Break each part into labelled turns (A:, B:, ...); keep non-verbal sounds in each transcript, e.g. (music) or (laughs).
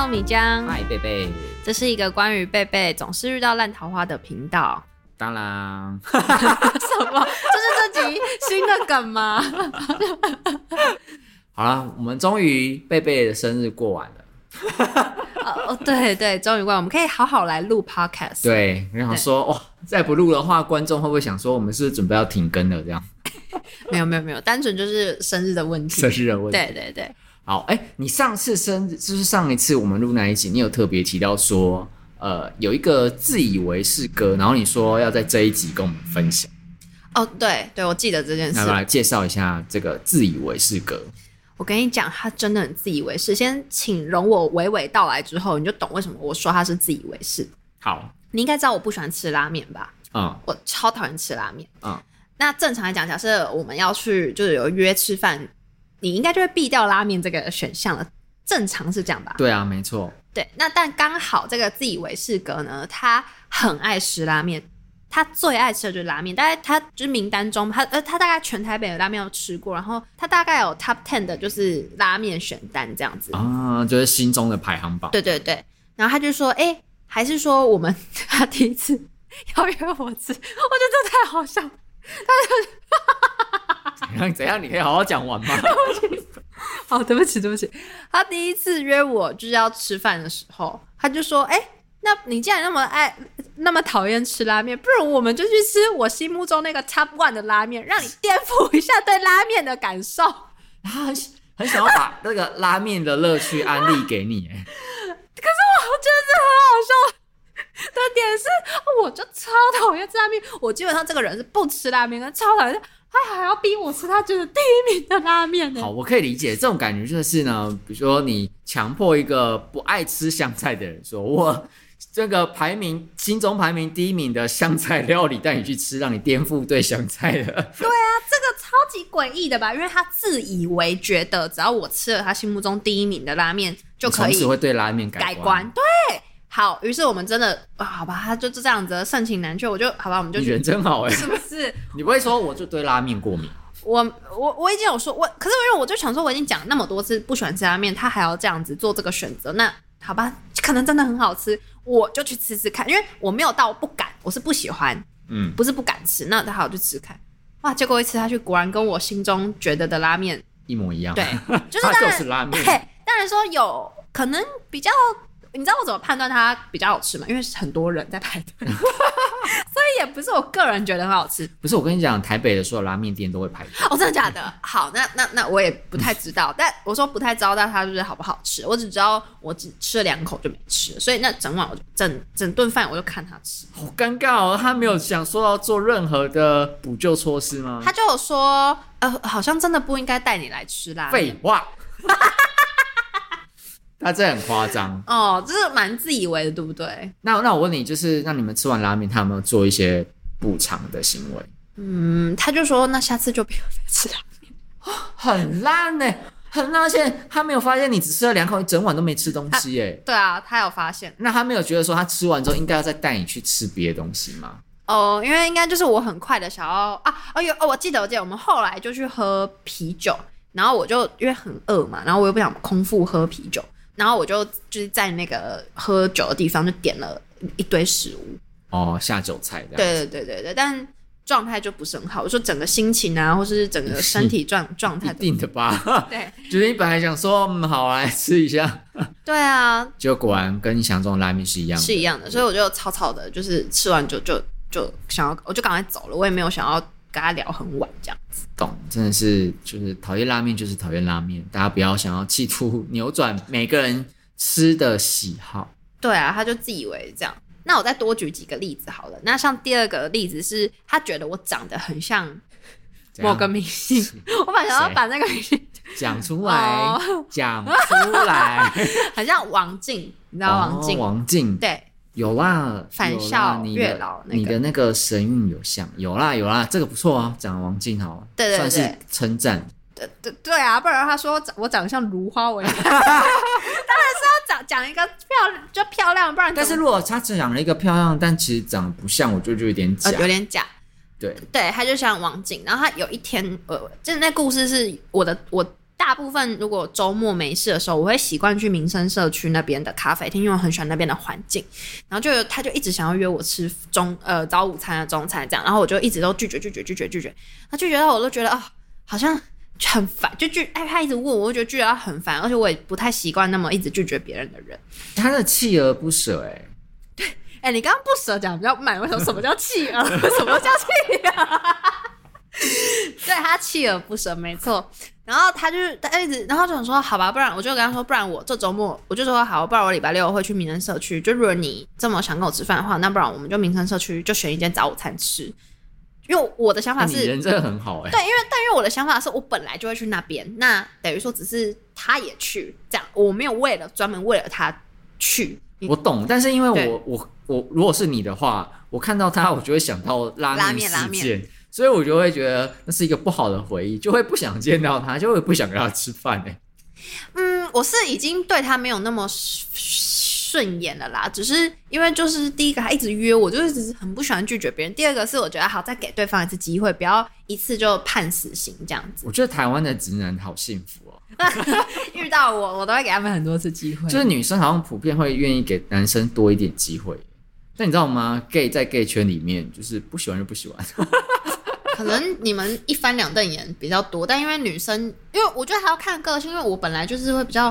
A: 糯米江、嗯，嗨，貝貝，這是一個關於貝貝總是遇到爛桃花的頻
B: 道。當然噠噠，
A: (laughs) (laughs) 什麼？這、就是這集新的梗嗎？
B: (laughs) 好了，我們終於貝貝的生日過完
A: 了。哦 (laughs) ，oh, oh, 對,對對，終於完，我們可以好好來錄 podcast。對，
B: 我想說，哇對、哦，再不錄的話，觀眾會不會想說我們是,不是準備要停更的這樣？
A: (laughs) 沒有沒有沒有，單純就是生日的問題，生日的問題。對對對。
B: 好，哎，你上次生日，就是上一次我們錄那一集，你有特別提到說，呃，有一個自以為是哥，然後你說要在這一集跟我們分享。
A: 哦，對對，我記得這件事。那來，來
B: 介紹一下這個自以為是哥。
A: 我跟你講，他真的很自以為是。先請容我娓娓道來，之後你就懂為什麼我說他是自以為是。好，你應該知道我不喜歡吃拉麵吧？嗯，我超討厭吃拉麵。嗯，那正常來講，假設我們要去就是有約吃飯。你應該就會避掉拉麵這個選項了，正常是這樣吧？對
B: 啊，沒錯。
A: 對，那但剛好這個自以為是哥呢，他很愛吃拉麵，他最愛吃的就是拉麵，但他就是名單中，他呃，他大概全台北的拉麵都吃過，然後他大概有 top ten 的就是拉麵選單這樣子啊，
B: 就是心中的排行榜。對
A: 對對，然後他就說，哎、欸，還是說我們 (laughs) 他第一次邀約我吃，我覺得這太好笑了，他就哈哈哈哈。 (laughs)
B: 你看怎樣？你可以好好講完嗎？
A: 好、哦，對不起，對不起。他第一次約我就是要吃飯的時候，他就說：“哎、欸，那你既然那麼愛，那麼討厭吃拉麵，不如我們就去吃我心目中那個 top one 的拉麵，讓你顛覆一下對拉面的感受。”然後然很
B: 很想要把那個拉面的樂趣安利給你。
A: (laughs) 可是我真的很好笑的點是，我就超討厭吃拉麵，我基本上這個人是不吃拉麵，跟超討厭。他還，還要逼我吃，他覺
B: 得第一名的拉麵。好，我可以理解這種感覺，就是呢，比如說你強迫一個不愛吃香菜的人說，說我這個排名心中排名第一名的香菜料理帶你去吃，讓你顛覆對香菜的。對
A: 啊，這個超級詭異的吧？因為他自以為覺得，只要我吃了他心目中第一名的拉麵，就可以只會
B: 對拉麵改觀改觀。
A: 對。好，於是我們真的、啊，好吧，他就這樣子盛情難卻，我就好吧，我們就去。人真好哎、欸。 (laughs) 是不是？
B: 你不會說我就對拉面過敏？
A: 我我我已經有說，我可是因為我就想說，我已經講那麼多次不喜歡吃拉麵，他還要這樣子做這個選擇，那好吧，可能真的很好吃，我就去吃吃看，因為我沒有到不敢，我是不喜歡，嗯，不是不敢吃，那他好就吃，吃看。哇，結果一次他去，果然跟我心中覺得的拉面
B: 一模一樣、啊。對，就是，他就是拉麵。
A: 當然說有可能比較。你知道我怎麼判斷它比較好吃嗎？因為很多人在排隊， (laughs) (laughs) 所以也不是我個人覺得很好吃。
B: 不是，我跟你講，台北的所有拉面店都會排隊。
A: 哦，真的假的？ (laughs) 好，那那那我也不太知道。嗯，但我說不太知道，但他就是好不好吃，我只知道我只吃了兩口就沒吃。所以那整晚我就整整頓飯我就看他吃，好
B: 尷尬哦。他沒有想說要做任何的補救措施嗎？他
A: 就說，呃，好像真的不應該帶你來吃啦。廢
B: 話。 (laughs) 那這很誇張
A: 哦，這、就是蠻自以為的，對不對？
B: 那那我問你，就是那你們吃完拉麵，他有沒有做一些補償的行為？
A: 嗯，他就說那下次就不要再吃拉麵。
B: 很爛呢、欸，很爛。而且他沒有發現你只吃了兩口，一整晚都沒吃東西耶、欸，啊？
A: 對啊，他有發現。
B: 那他沒有覺得說他吃完之後應該要再帶你去吃別的東西嗎？
A: 哦，因為應該就是我很快的想要啊，哎、哦、呦，哦，我記得我記得我們後來就去喝啤酒，然後我就因為很餓嘛，然後我又不想空腹喝啤酒。然後我就就是在那個喝酒的地方就點了一堆食物
B: 哦，下酒菜對
A: 對對對對，但狀態就不是很好，我說整個心情啊，或是整個身體
B: 狀狀態定的吧。對，
A: 就
B: 是你本來想說，嗯，好來吃一下，
A: (laughs) 對啊，
B: 結果果然跟你想中的拉麵是一樣的，是一
A: 樣的，所以我就草草的，就是吃完就就就想要，我就趕快走了，我也沒有想要。跟他聊很晚這樣子，
B: 懂，真的是就是討厭拉麵就是討厭拉麵，大家不要想要企圖扭轉每個人吃的喜好。
A: 對啊，他就自以為這樣。那我再多舉幾個例子好了。那像第二個例子是他覺得我長得很像某個明星， (laughs) 我本來想要把那個明星
B: 講出來講出來，
A: 很像王靜，你知道王靜？Oh,
B: 王靜，對。有啊，返校月老，你的那個神韻有像。有啦有啦，這個不錯哦，啊，講王靜好，對對對，算是稱讚。
A: 對對，對啊，不然他說我長得像如花尾， (laughs) (laughs) (laughs) 當然是要講講一個漂亮，就漂亮，不然，但是如果
B: 他只講了一個漂亮，但其實長得不像，我覺得就有點假，呃、有點假，對對，他就
A: 像王靜，然後他有一天，呃，就是那故事是我的我。大部分如果周末沒事的時候，我會習慣去民生社區那邊的咖啡廳，因為我很喜歡那邊的環境。然後就他，就一直想要約我吃中呃早午餐啊、中餐這樣，然後我就一直都拒絕拒絕拒絕拒絕，他拒絕到我都覺得啊、哦，好像很煩，就拒哎、欸、他一直問我就覺得拒絕他很煩，而且我也不太習慣那麼一直拒絕別人的人。
B: 他的鍥而不舍哎、欸，
A: 對哎、欸，你剛剛不舍講比較慢，什麼叫鍥而，我想 (laughs) 什麼叫鍥而不舍，什麼叫鍥而對他鍥而不舍，沒錯。然後他就是他一直，然後就想說好吧，不然我就跟他說，不然我這周末我就說好，不然我禮拜六會去民生社區。就如果你這麼想跟我吃飯的話，那不然我們就民生社區就選一間早午餐吃。因為我的想法是，你人真的很好哎、欸。對，因為但因為我的想法是我本來就會去那邊，那等於說只是他也去，這樣我沒有為了專門為了
B: 他去。我懂，但是因為我對我我，我如果是你的話，我看到他我就會想到拉面事件。拉麵。拉面所以我就會覺得那是一個不好的回憶，就會不想見到他，就會不想跟他吃飯。欸。嗯，
A: 我是已經對他沒有那麼順眼了啦，只是因為就是第一個他一直約我，就只是很不喜歡拒絕別人；第二個是我覺得好再給對方一次機會，不要一次就判死刑這樣子。我覺
B: 得台灣的直男好幸福哦，
A: (laughs) 遇到我我都會給他們很多次機會。就是
B: 女生好像普遍會願意給男生多一點機會，但你知道嗎？gay 在 gay 圈裡面就是不喜歡就不喜歡。 (laughs)
A: 可能你們一翻兩瞪眼比較多，但因為女生，因為我覺得還要看個性，因為我本來就是會比較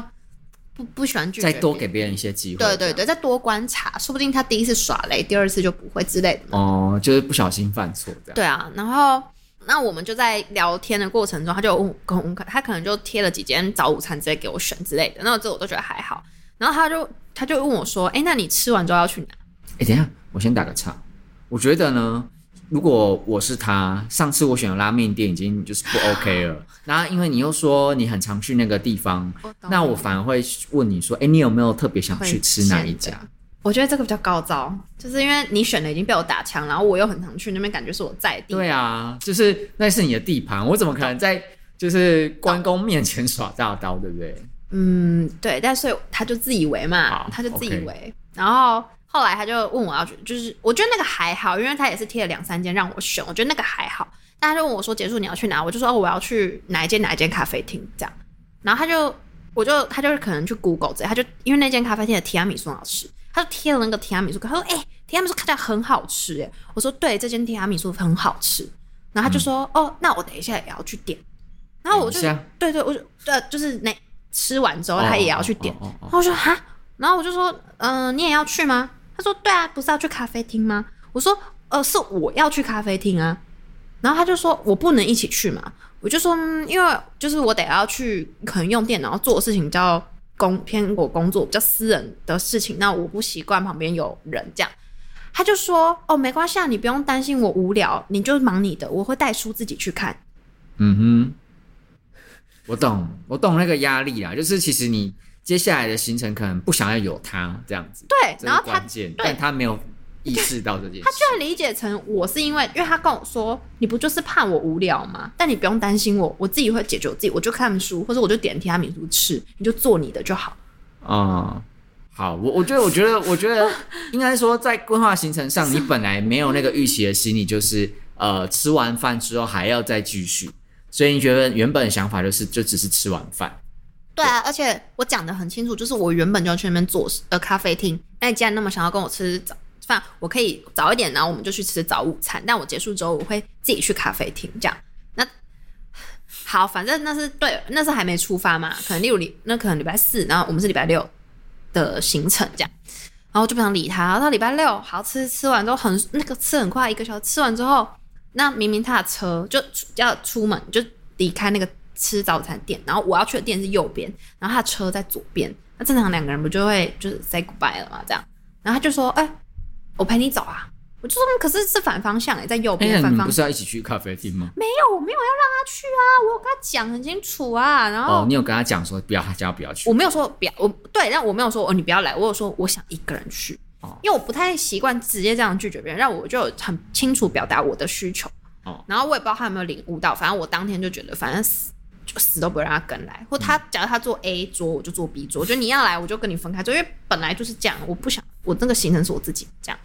A: 不不喜歡拒絕，再多給
B: 別人一些機會，對
A: 對對，再多觀察，說不定他第一次耍賴，第二次就不會之類的
B: 嘛。哦、呃，就是不小心犯錯這樣。對啊，
A: 然後那我們就在聊天的過程中，他就問我，跟可他可能就貼了幾間早午餐之類給我選之類的，那我這我都覺得還好。然後他就他就問我說，哎、欸，那你吃完之後要去哪？
B: 哎、欸，等一下，我先打個岔，我覺得呢。如果我是他，上次我選的拉麵店已經就是不 OK 了。 (laughs) 然後因為你又說你很常去那個地方，oh, 那我反而會問你說，誒、欸，你有沒有特別想去吃哪一家？
A: 我覺得這個比較高招，就是因為你選的已經被我打槍，然後我又很常去那邊，感覺是我在地。對啊，
B: 就是那是你的地盤，我怎麼可能在就是關公面前耍大刀，對不對？嗯，對。但是他就自以為嘛，好他就自以為
A: ，okay. 然後。後來他就問我要去，就是我覺得那個還好，因為他也是貼了兩三間讓我選，我覺得那個還好。但他就問我說，結束你要去哪？我就說，哦，我要去哪一間、哪一間咖啡廳這樣。然後他就我就他就是可能去 Google 這樣，他就因為那間咖啡廳的提拉米蘇很好吃，他就貼了那個提拉米蘇。他說哎、欸，提拉米蘇看起來很好吃誒、欸。我說，對，這間提拉米蘇很好吃。然後他就說、嗯、哦，那我等一下也要去點。然後我就對，對對，我就對、呃、就是那吃完之後他也要去點。哦、然後我就說哈，然後我就說嗯、呃，你也要去嗎？他說：“對啊，不是要去咖啡廳嗎？”我說：“呃，是我要去咖啡廳啊。”然後他就說：“我不能一起去嘛。”我就說，嗯：“因為就是我得要去，可能用電腦做事情，比較工偏我工作比較私人的事情，那我不習慣旁邊有人這樣。”他就說：“哦，沒關係啊，你不用擔心我無聊，你就忙你的，我會帶書自己去看。”
B: 嗯哼，我懂，我懂那個壓力啦，就是其實你。接下來的行程可能不想要有他這樣子，對，然後他，但他沒有意識到這件事，他
A: 居然理解成我是因為，因為他跟我說，你不就是怕我無聊嗎？但你不用擔心我，我自己會解決我自己，我就看書或者我就點提拉米蘇吃，你就做你的就好。
B: 哦、嗯、好，我我覺得我覺得 (laughs) 我覺得應該說在規劃行程上，你本來沒有那個預期的心理，就是呃吃完飯之後還要再繼續，所以你覺得原本的想法就是就只是吃完飯。
A: 對啊，而且我講得很清楚，就是我原本就要去那邊做呃咖啡廳。那你既然那麼想要跟我吃早飯，我可以早一點，然後我們就去吃早午餐。但我結束之後，我會自己去咖啡廳這樣。那好，反正那是對，那是還沒出發嘛，可能六，那可能禮拜四，然後我們是禮拜六的行程這樣，然後我就不想理他。然後禮拜六好吃,吃吃完之後很那個吃很快一個小時吃完之後，那明明他的車就要出門就離開那個。吃早餐店，然後我要去的店是右邊，然後他車在左邊，那正常兩個人不就會就是 say goodbye 了嗎？這樣，然後他就說：“哎、欸，我陪你走啊。”我就說：“可是是反方向哎、欸，在右邊的反方向。哎”反你不是要
B: 一起去咖啡廳嗎？
A: 沒有，我沒有要讓他去啊，我有跟他講很清楚啊。然後、哦、你
B: 有跟他講說不要，叫他不要去。
A: 我沒有說不要，我對，但我沒有說哦，你不要來。我有說我想一個人去，哦、因為我不太習慣直接這樣拒絕別人，讓我就很清楚表達我的需求。哦、然後我也不知道他有沒有領悟到，反正我當天就覺得，反正。就死都不會讓他跟來，或他假如他坐 A 桌，嗯、我就坐 B 桌。就你要來，我就跟你分開坐，因為本來就是這樣。我不想我那個行程是我自己這樣，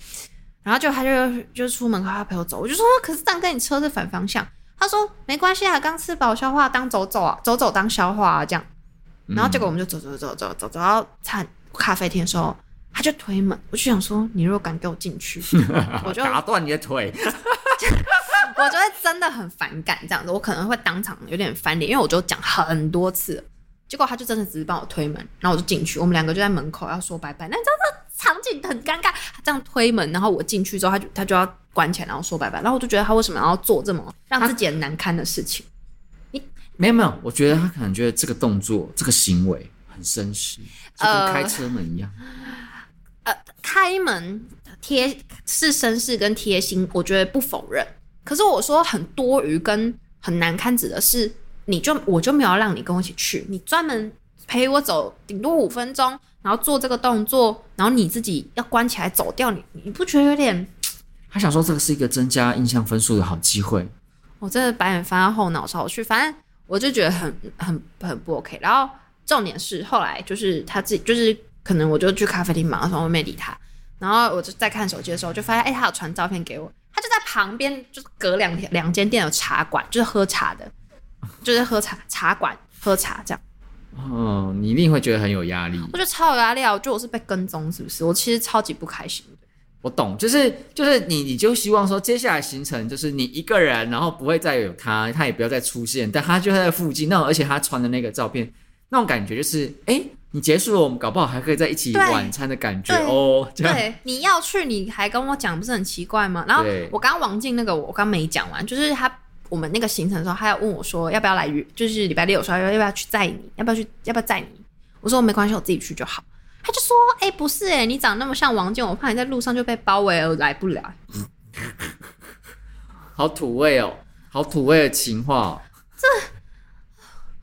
A: 然後就他就就出門，他要陪我走，我就說、哦、可是這樣跟你車是反方向。他說沒關係啊，剛吃飽消化，當走走啊，走走當消化啊這樣。
B: 然後結果
A: 我們就走走走走走走到咖啡廳的時候，他就推門，我就想說你若敢給我進去， (laughs) 我就打斷你的腿。 (laughs) 我覺得真的很反感這樣子，我可能會當場有點翻臉，因為我就講很多次，結果他就真的只是幫我推門，然後我就進去，我們兩個就在門口要說拜拜，那你知道這場景很尷尬，他這樣推門，然後我進去之後，他就他就要關起來，然後說拜拜，然後我就覺得他為什麼要做這麼讓自己很難堪的事情？你
B: 沒有沒有，我覺得他可能覺得這個動作這個行為很紳士，
A: 呃，就跟開車門一樣，呃，開門貼是紳士跟貼心，我覺得不否認。可是我說很多餘跟很難看指的是，你就我就沒有讓你跟我一起去，你專門陪我走頂多五分鐘，然後做這個動作，然後你自己要關起來走掉你，你你不覺得有點？
B: 他想說，這個是一個增加印象分數的好機會。
A: 我真的白眼翻到後腦勺去，反正我就覺得很很很不 OK。然後重點是後來就是他自己就是可能我就去咖啡廳嘛，然後我沒理他，然後我就在看手機的時候就發現，哎、欸，他有傳照片給我。旁邊就是隔兩條兩間店有茶館，就是喝茶的，就是喝茶茶館喝茶這樣。
B: 嗯、哦，你一定會覺得很有壓力。
A: 我覺得超有壓力啊，我覺得我是被跟蹤，是不是？我其實超級不開心。
B: 我懂，就是就是你你就希望說接下來行程就是你一個人，然後不會再有他，他也不要再出現，但他就在附近。那種，而且他穿的那個照片，那種感覺就是哎。欸你結束了，我們搞不好還可以在一起晚餐的感覺對哦。對，
A: 你要去，你還跟我講，不是很奇怪嗎？然後對我剛剛王靜那個我，我剛沒講完，就是他我們那個行程的時候，他要問我說要不要來，就是禮拜六說要要不要去載你，要不要去要不要載你？我說我沒關係，我自己去就好。他就說，哎、欸，不是哎、欸，你長那麼像王靜，我怕你在路上就被包圍了，來不了。」
B: (laughs) 好土味哦、喔，好土味的情話、喔。這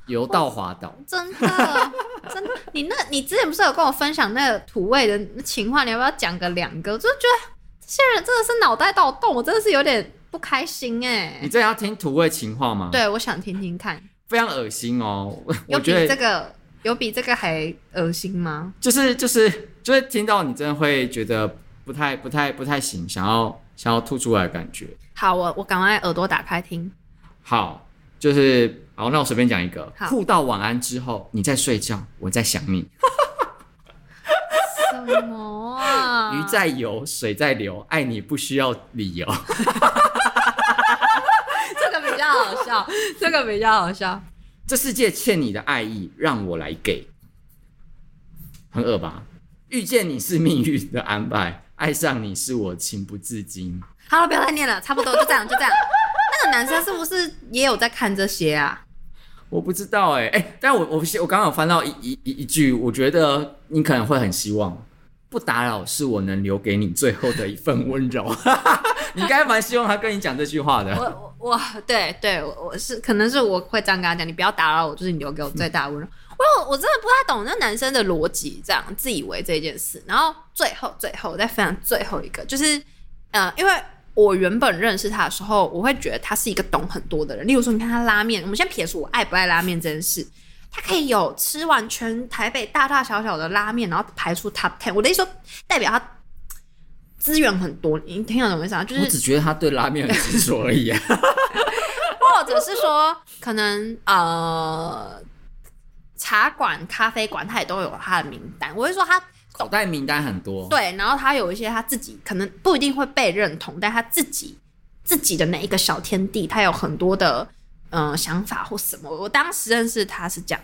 B: 油到滑倒
A: 真的。 (laughs) (laughs) 真的，你那，你之前不是有跟我分享那個土味的情話，你要不要講個兩個？就是覺得這些人真的是腦袋到洞，我真的是有點不開心哎、欸。你
B: 真的要聽土味情話嗎？對，
A: 我想聽聽看。
B: 非常噁心哦，我，這個、我覺得這個
A: 有比這個還噁心嗎？
B: 就是就是就是聽到你真的會覺得不太不太不太行，想要想要吐出來的感覺。
A: 好，我我趕快耳朵打開聽。
B: 好，就是。嗯好，那我隨便講一個。好互道晚安之後，你在睡覺，我在想你。 (laughs) 什麼啊？魚在游，水在流，愛你不需要理由。
A: (laughs) (laughs) 這個比較好笑，這個比較好笑。
B: 這世界欠你的愛意，讓我來給。很惡吧？遇見你是命運的安排，愛上你是我情不自禁。
A: 好了，不要再念了，差不多就這樣，就這樣。 (laughs) 那個男生是不是也有在看這些啊？
B: 我不知道哎、欸、哎、欸，但我我不信，我剛剛有翻到一一一、一句，我覺得你可能會很希望不打擾，是我能留給你最後的一份溫柔。 (laughs) 你應該蠻希望他跟你講這句話的。
A: 我我對對，我是可能是我會這樣跟他講，你不要打擾我，就是你留給我最大的溫柔。是我我真的不太懂那男生的邏輯，這樣自以為這件事。然後最後最後再分享最後一個，就是呃，因為。我原本認識他的時候，我會覺得他是一個懂很多的人。例如說，你看他拉麵，我們先撇除我愛不愛拉麵這件事，他可以有吃完全台北大大小小的拉麵，然後排出 Top Ten。我的意思說，代表他資源很多。你聽得懂我意思嗎？啊？就是我只覺得他
B: 對拉麵很執着而已，
A: 啊。 (laughs) 或者是說，可能呃茶館、咖啡館，他也都有他的名單。我是說他。
B: 小代名單很多，對，
A: 然後他有一些他自己可能不一定會被認同，但他自己自己的那一個小天地，他有很多的嗯、呃、想法或什麼。我當時認識他是這樣，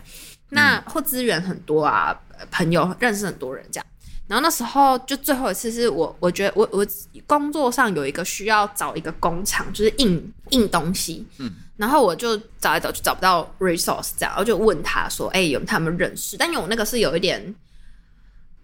A: 那、嗯、或資源很多啊，朋友認識很多人這樣。然後那時候就最後一次是我，我覺得我我工作上有一個需要找一個工廠，就是印印東西，嗯，然後我就找來找去找不到 resource 這樣，然後就問他說：“哎，他有他們認識？”但因為我那個是有一點。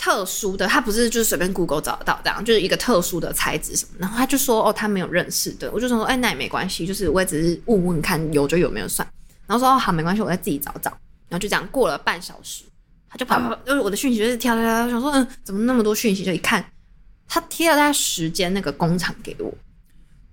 A: 特殊的，他不是就是隨便 Google 找得到這樣，就是一個特殊的材質什麼。然後他就說，哦，他沒有認識的。我就說，哎、欸，那也沒關係，就是我也只是問問看有就有，沒有算，然後說哦好，沒關係，我再自己找找，然後就這樣過了半小時，他就跑跑跑好我的訊息就是跳跳跳，想說嗯怎麼那麼多訊息，就一看他貼了他十間那個工廠給我，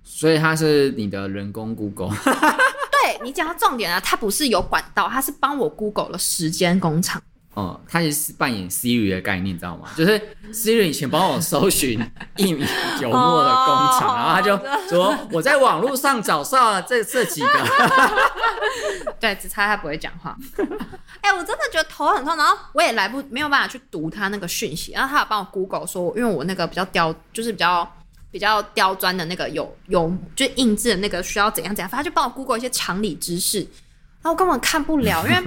B: 所以他是你的人工 Google。
A: (laughs) 對，你講的重點啊，他不是有管道，他是幫我 Google 了十間工廠。
B: 哦、嗯，他也是扮演 Siri 的概念，你知道嗎？就是 Siri 以前幫我搜尋一米油墨的工廠， (laughs) oh, 然後他就說我在網絡上找上了這 (laughs) 這幾個。
A: (laughs) 對，只差他不會講話。哎、欸，我真的覺得頭很痛，然後我也來不，沒有辦法去讀他那個訊息，然後他有幫我 Google 說，因為我那個比較刁，就是比較比較刁鑽的那個有有就是、印製的那個需要怎樣怎樣，反正就幫我 Google 一些常理知識，然後我根本看不了，因為。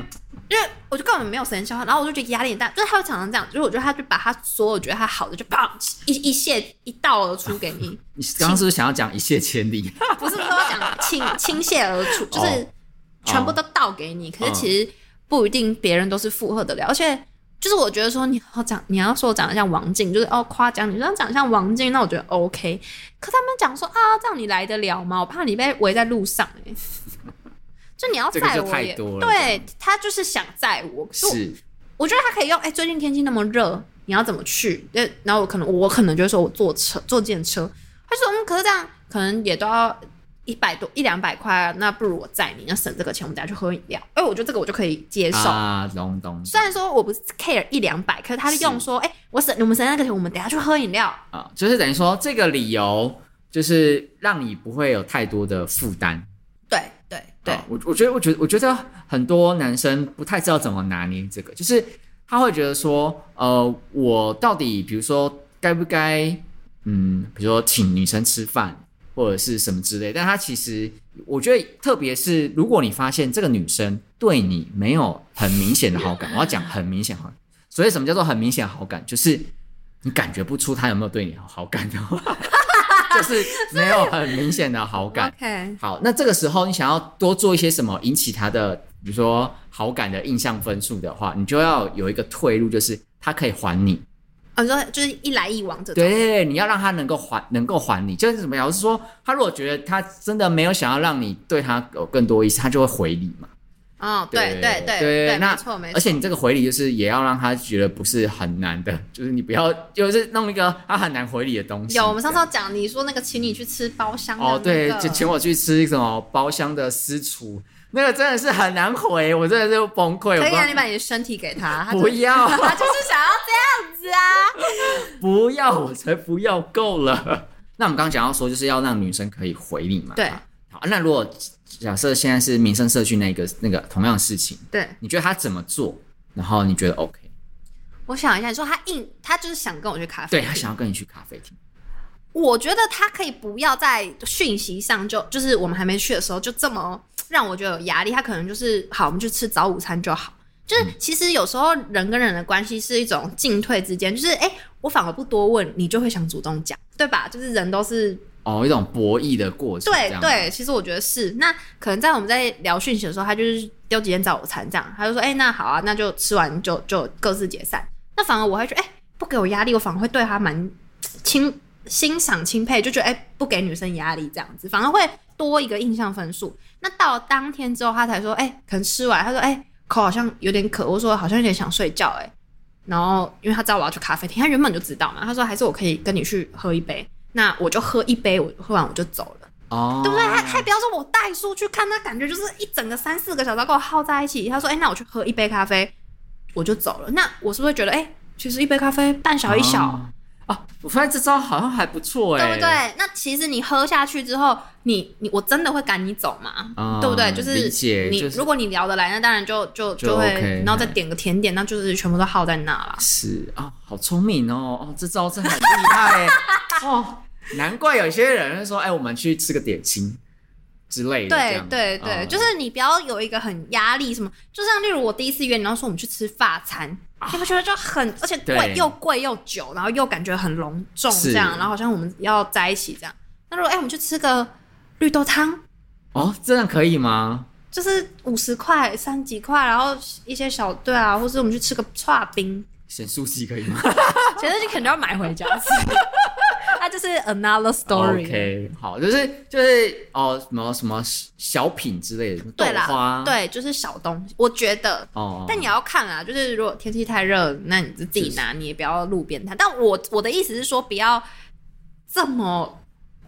A: 因為我就根本沒有時間消化，然後我就覺得壓力很大。就是他會常常這樣，就是我覺得他就把他所有覺得他好的就砰一一瀉一道而出給你、啊。你剛
B: 剛是不是想要講一瀉千里？
A: 不是，說要講傾傾瀉而出，就是全部都倒給你。哦、可是其實不一定別人都是負荷得了，嗯、而且就是我覺得說你要講，你要說我長得像王靜，就是哦誇獎你。你長得像王靜，那我覺得 OK。可他們講說啊，這樣你來得了嗎？我怕你被圍在路上、欸就你要載我也，對樣他就是想載我。是，我覺得他可以用。哎、欸，最近天氣那麼熱，你要怎麼去？那然後我可能，我可能就是說我坐車，坐電車。他說，嗯，可是這樣可能也都要一百多一兩百塊啊，那不如我載你，要省這個錢，我們等下去喝飲料。哎、欸，我覺得這個我就可以接受啊，
B: 懂懂。雖
A: 然說我不是 care 一兩百，可是他是用說，哎是、欸，我省我們省那個錢，我們等下去喝飲料
B: 啊，就是等於說這個理由就是讓你不會有太多的負擔。對對對，我我覺得我覺得我覺得很多男生不太知道怎麼拿捏這個，就是他會覺得說，呃，我到底比如說該不該，嗯，比如說請女生吃飯或者是什麼之類，但他其實我覺得，特別是如果你發現這個女生對你沒有很明顯的好感，我要講很明顯好感，所以什麼叫做很明顯好感？就是你感覺不出她有沒有對你好好感的話 (laughs) 就是沒有很明顯的好感。 (laughs) Okay 好，那這個時候你想要多做一些什麽引起他的，比如說好感的印象分數的話，你就要有一個退路，就是他可以還你。
A: 多、哦、就是一來一往對，對對，
B: 你要讓他能夠還，能夠還你，就是怎麼樣？我是說，他如果覺得他真的沒有想要讓你對他有更多意思，他就會回禮嘛。
A: 哦，對對對對，那而且你
B: 這個回禮就是也要讓他覺得不是很難的，就是你不要就是弄一個他很難回禮的東西。有，我們上次
A: 講你說那個請你去吃包廂哦，對，請請我
B: 去吃什麼包廂的私廚，那個真的是很難回，我真的是崩潰。可以啊，你
A: 把你的身體給他。不要，他就是想要這樣子啊！
B: 不要，我才不要，夠了。那我們剛剛講到說，就是要讓女生可以回禮嘛？對。好，那如果。假設現在是民生社區那個那個同樣的事情，對，你覺得他怎麼做，然後你覺得 OK？
A: 我想一下，你說他硬，他就是想跟我去咖啡，對，他想
B: 要跟你去咖啡廳。
A: 我覺得他可以不要在訊息上就就是我們還沒去的時候就這麼讓我覺得有壓力。他可能就是好，我們就吃早午餐就好。就是其實有時候人跟人的關係是一種進退之間，就是哎、欸，我反而不多問，你就會想主動講，對吧？就是人都是。
B: 哦，一種博弈的過程。對對，
A: 其實我覺得是。那可能在我們在聊訊息的時候，他就是丟幾天找我早餐這樣，他就說：“哎、欸，那好啊，那就吃完就就各自解散。”那反而我還覺得，哎、欸，不給我壓力，我反而會對他蠻欽欣賞、欽佩，就覺得哎、欸，不給女生壓力這樣子，反而會多一個印象分數。那到了當天之後，他才說：“哎、欸，可能吃完，他說哎、欸，口好像有點渴。”我說：“好像有點想睡覺。”哎，然後因為他知道我要去咖啡廳，他原本就知道嘛，他說：“還是我可以跟你去喝一杯。”那我就喝一杯，我喝完我就走了
B: ，oh. 對不對？還還
A: 不要說，我帶書去看，那感覺就是一整個三四個小時要跟我耗在一起。他說：“哎、欸，那我去喝一杯咖啡，我就走了。”那我是不是覺得，哎、欸，其實一杯咖啡半小一小
B: 哦、嗯，啊？我發現這招好像還不錯、欸，哎，對
A: 不對？那其實你喝下去之後，你你我真的會趕你走嗎？嗯、對不對？就是你、就是、如果你聊得來，那當然就就就會，就 OK, 然後再點個甜點，嘿那就是全部都耗在那了。
B: 是啊，好聰明哦，哦，這招真的很厲害、欸、 (laughs) 哦。難怪有些人會說：“哎、欸，我們去吃個點心之類的。對”對對對，嗯、就是
A: 你不要有一個很壓力什麼，就像例如我第一次約你，然後說我們去吃法餐。啊、你不覺得就很而且貴，又貴又久，對然後又感覺很隆重這樣，是然後好像我們要在一起這樣。那如果哎、欸，我們去吃個綠豆湯
B: 哦，這樣可以嗎？
A: 就是五十塊、三幾塊，然後一些小對啊，或者我們去吃個剉冰，
B: 鹹酥雞可以嗎？
A: 鹹酥雞肯定要買回家吃。 (laughs) 就是 another story。OK，
B: 好，就是就是哦，什麼什麼小品之類的，對啦，啊、對，
A: 就是小東西。我覺得，哦，但你要看啊，就是如果天氣太熱，那你就自己拿，就是、你也不要路邊攤。但我我的意思是說，不要這麼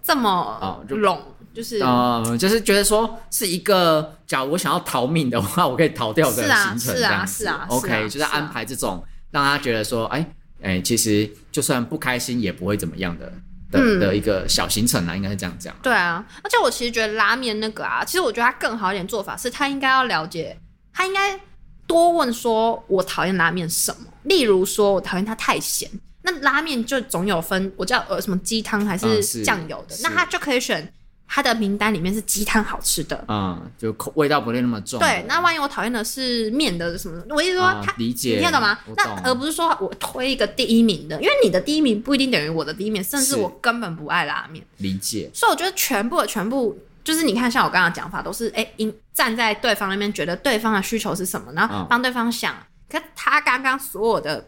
A: 這麼啊，籠、哦、就、就是哦、
B: 呃，就是覺得說是一個，假如我想要逃命的話，我可以逃掉的行程這樣子、啊，是啊，是啊，OK，就是安排這種，啊、讓他覺得說，哎、欸、哎、欸，其實就算不開心也不會怎麼樣的。的的一個小行程啊，嗯、應該是這樣講、啊。
A: 對啊，而且我其實覺得拉麵那個啊，其實我覺得他更好一點做法是，他應該要了解，他應該多問說，我討厭拉麵什麼？例如說我討厭它太鹹，那拉麵就總有分，我叫呃什麼雞湯還是醬油的，嗯、那他就可以選。他的名單裡面是雞湯好吃的，
B: 嗯，就口味道不會那麼重。對，那
A: 萬一我討厭的是麵的什麼？我意思說他、嗯，理解你要幹嘛？那而不是說我推一個第一名的，懂因為你的第一名不一定等於我的第一名，甚至我根本不愛拉麵。
B: 理解。
A: 所以我覺得全部的全部就是你看，像我剛剛的講法都是，哎，應站在對方那邊，覺得對方的需求是什麼，然後幫對方想。嗯、可他剛剛所有的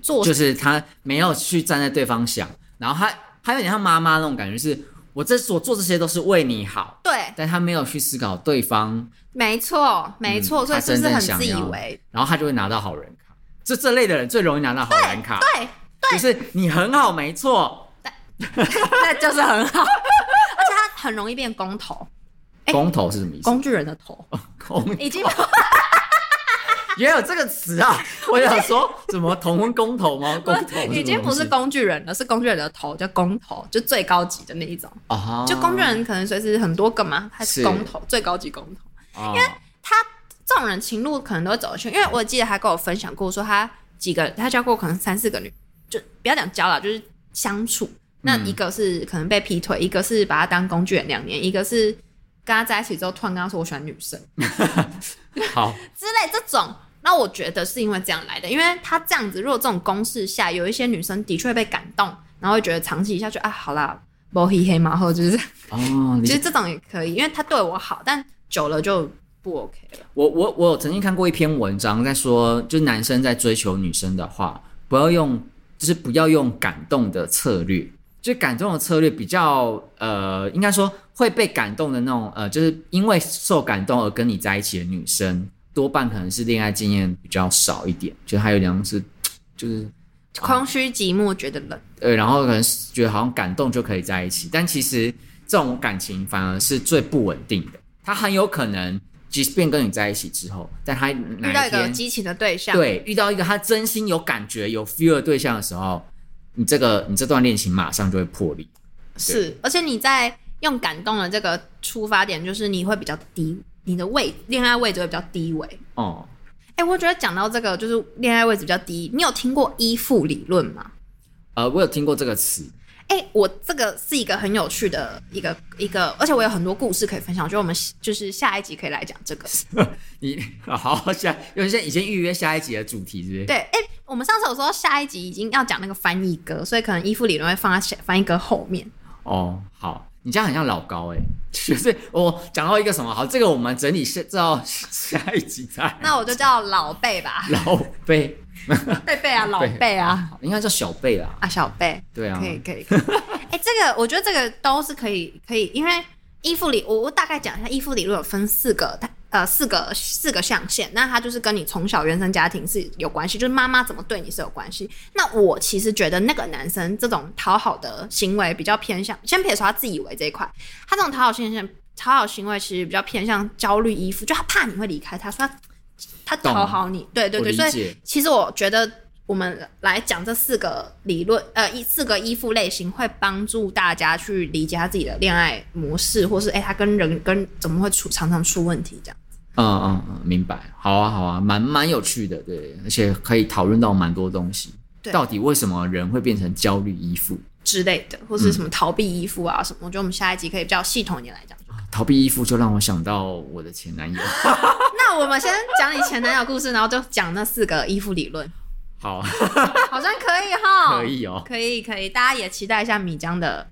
A: 做，就是
B: 他沒有去站在對方想，然後他他有點像媽媽那種感覺是。我這所做這些都是為你好，對，但他沒有去思考對方，
A: 沒錯，沒錯，嗯、所以他真正很自以為？
B: 然後他就會拿到好人卡，這這類的人最容易拿到好人卡，對對，對對，就是你很好沒錯，沒錯，那就是很好， (laughs)
A: 而且他很容易變工頭，
B: 欸、工頭是什麼意思？工具人的頭，投
A: 已經。 (laughs) 也有這個詞啊，
B: 我想說什麼同工工頭嗎？工頭？你 (laughs) 已經不是工
A: 具人了，是工具人的頭叫工頭，就最高級的那一種。Uh
B: huh. 就工具人可
A: 能隨時很多個嘛，他是工頭是最高級工頭，uh
B: huh. 因為他這
A: 種人情路可能都會走得順。因為我記得他跟我分享過，說他幾個他教過可能三四個女，就不要講教了，就是相處。嗯、那一個是可能被劈腿，一個是把他當工具人兩年，一個是跟他在一起之後突然跟他說我喜歡女生，
B: (laughs) (laughs) 好
A: 之類這種。那我覺得是因為這樣來的，因為他這樣子，如果這種攻勢下，有一些女生的確被感動，然後會覺得長期下去啊，好啦，摸黑黑嘛或就是
B: 哦，其實 (laughs)
A: 這種也可以，因為他對我好，但久了就不 OK
B: 了。我我我曾經看過一篇文章，在說，嗯、就是男生在追求女生的話，不要用就是不要用感動的策略，就感動的策略比較呃，應該說會被感動的那種呃，就是因為受感動而跟你在一起的女生。多半可能是戀愛經驗比較少一點，就還有兩種是，就是空
A: 虛寂寞覺得冷，
B: 對，然後可能是覺得好像感動就可以在一起，但其實這種感情反而是最不穩定的，他很有可能即便跟你在一起之後，但他遇到一個激
A: 情的對象，對，
B: 遇到一個他真心有感覺有 feel 的對象的時候，你這個你這段戀情馬上就會破裂，
A: 是，而且你在用感動的這個出發點，就是你會比較低。你的位戀愛位置會比較低位哦，哎、欸，我覺得講到這個就是戀愛位置比較低，你有聽過依附理論
B: 嗎？呃，我有聽過這個詞。
A: 哎、欸，我這個是一個很有趣的一個一個，而且我有很多故事可以分享，我覺得我們就是下一集可以來講這個。
B: (laughs) 你好好下，因為現在已經預約下一集的主題是不是？對，
A: 哎、欸，我們上次有說下一集已經要講那個翻譯哥，所以可能依附理論會放在誰翻譯哥後面。
B: 哦，好。你這樣很像老高哎、欸，就是 (laughs) 我講到一個什麼好，這個我們整理是知道下一集再。集
A: 那我就叫老貝吧。
B: 老貝，
A: 貝貝啊，老貝啊，
B: 啊，應該叫小貝啦。啊，小貝。對啊可。
A: 可以可以。哎、 (laughs) 欸，這個我覺得這個都是可以可以，因為依附理論我我大概講一下依附理論如有分四個。但呃，四個四個象限，那他就是跟你從小原生家庭是有關係，就是媽媽怎麼對你是有關係。那我其實覺得那個男生這種討好的行為比較偏向，先撇除他自以為這一塊，他這種討好現象、討好行為其實比較偏向焦慮依附，就他怕你會離開他，所以他他討好你，對對對，所以其實我覺得。我們來講這四個理論，呃，一四個依附類型會幫助大家去理解他自己的戀愛模式，或是哎，他跟人跟怎麼會出常常出問題這樣
B: 子。嗯嗯嗯，明白。好啊，好啊，蠻蠻有趣的，對，而且可以討論到蠻多東西。對到底為什麼人會變成焦慮依附
A: 之類的，或是什麼逃避依附啊、嗯、什麼？我覺得我們下一集可以比較系統一點來講、
B: 啊。逃避依附就讓我想到我的前男友。
A: (laughs) (laughs) 那我們先講你前男友故事，然後就講那四個依附理論。
B: 好，
A: (laughs) 好像可以哈，可以哦，可以可以，大家也期待一下米江的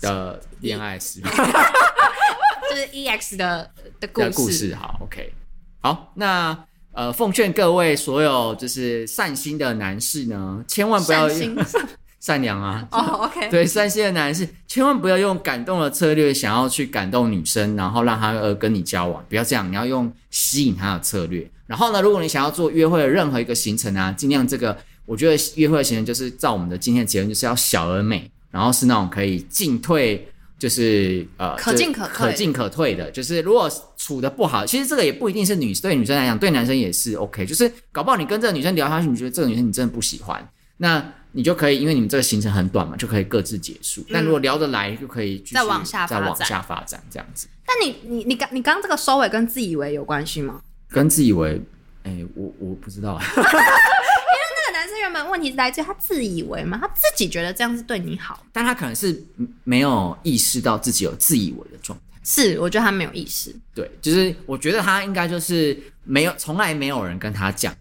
B: 的戀愛史，
A: (laughs) 就是 EX 的的故事，的故事。好
B: ，OK，好，那、呃、奉勸各位所有就是善心的男士呢，千萬不要心。 (laughs) 善良啊，
A: 哦、oh，OK，對，
B: 山西的男士千萬不要用感動的策略，想要去感動女生，然後讓她呃跟你交往，不要這樣，你要用吸引她的策略。然後呢，如果你想要做約會的任何一個行程啊，盡量這個，我覺得約會的行程就是照我們的今天的結論，就是要小而美，然後是那種可以進退，就是呃就可進可退，可進可退的，就是如果處得不好，其實這個也不一定是女對女生來講，對男生也是 OK，就是搞不好你跟這個女生聊下去，你覺得這個女生你真的不喜歡，那、你就可以，因為你們這個行程很短嘛，就可以各自結束。但如果聊得來，嗯、就可以再往下再往下發展這樣子。
A: 但你你你剛你剛這個收尾跟自以為有關係嗎？
B: 跟自以為，哎、欸，我我不知道。
A: (laughs) (laughs) 因為那個男生原本問題是來自於他自以為嘛，他自己覺得這樣是對你好，但他可能是
B: 沒有意識到自己有自以為的狀態。
A: 是，我覺得他沒有意識。
B: 對，就是我覺得他應該就是沒有，從來沒有人跟他講。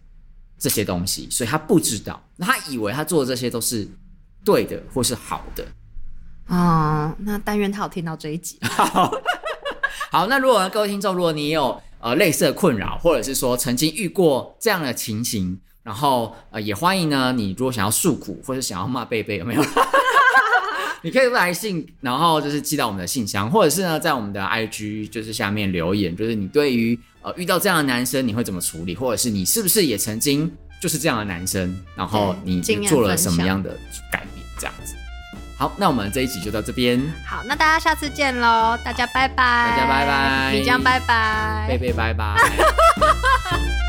B: 這些東西，所以他不知道，他以為他做的這些都是對的或是好的。
A: 哦，那但願他有聽到這一集。
B: (laughs) 好，那如果各位聽眾，如果你有呃類似的困擾，或者是說曾經遇過這樣的情形，然後呃也歡迎呢，你如果想要訴苦或者想要罵貝貝，有沒有？ (laughs) 你可以來信，然後就是寄到我們的信箱，或者是呢，在我們的 IG 就是下面留言，就是你對於呃遇到這樣的男生，你會怎麼處理，或者是你是不是也曾經就是這樣的男生，然後你做了什麼樣的改變，這樣子。好，那我們這一集就到這邊。
A: 好，那大家下次見嘍，大家拜拜，大家拜拜，米江拜拜，
B: 貝貝拜拜。 (laughs)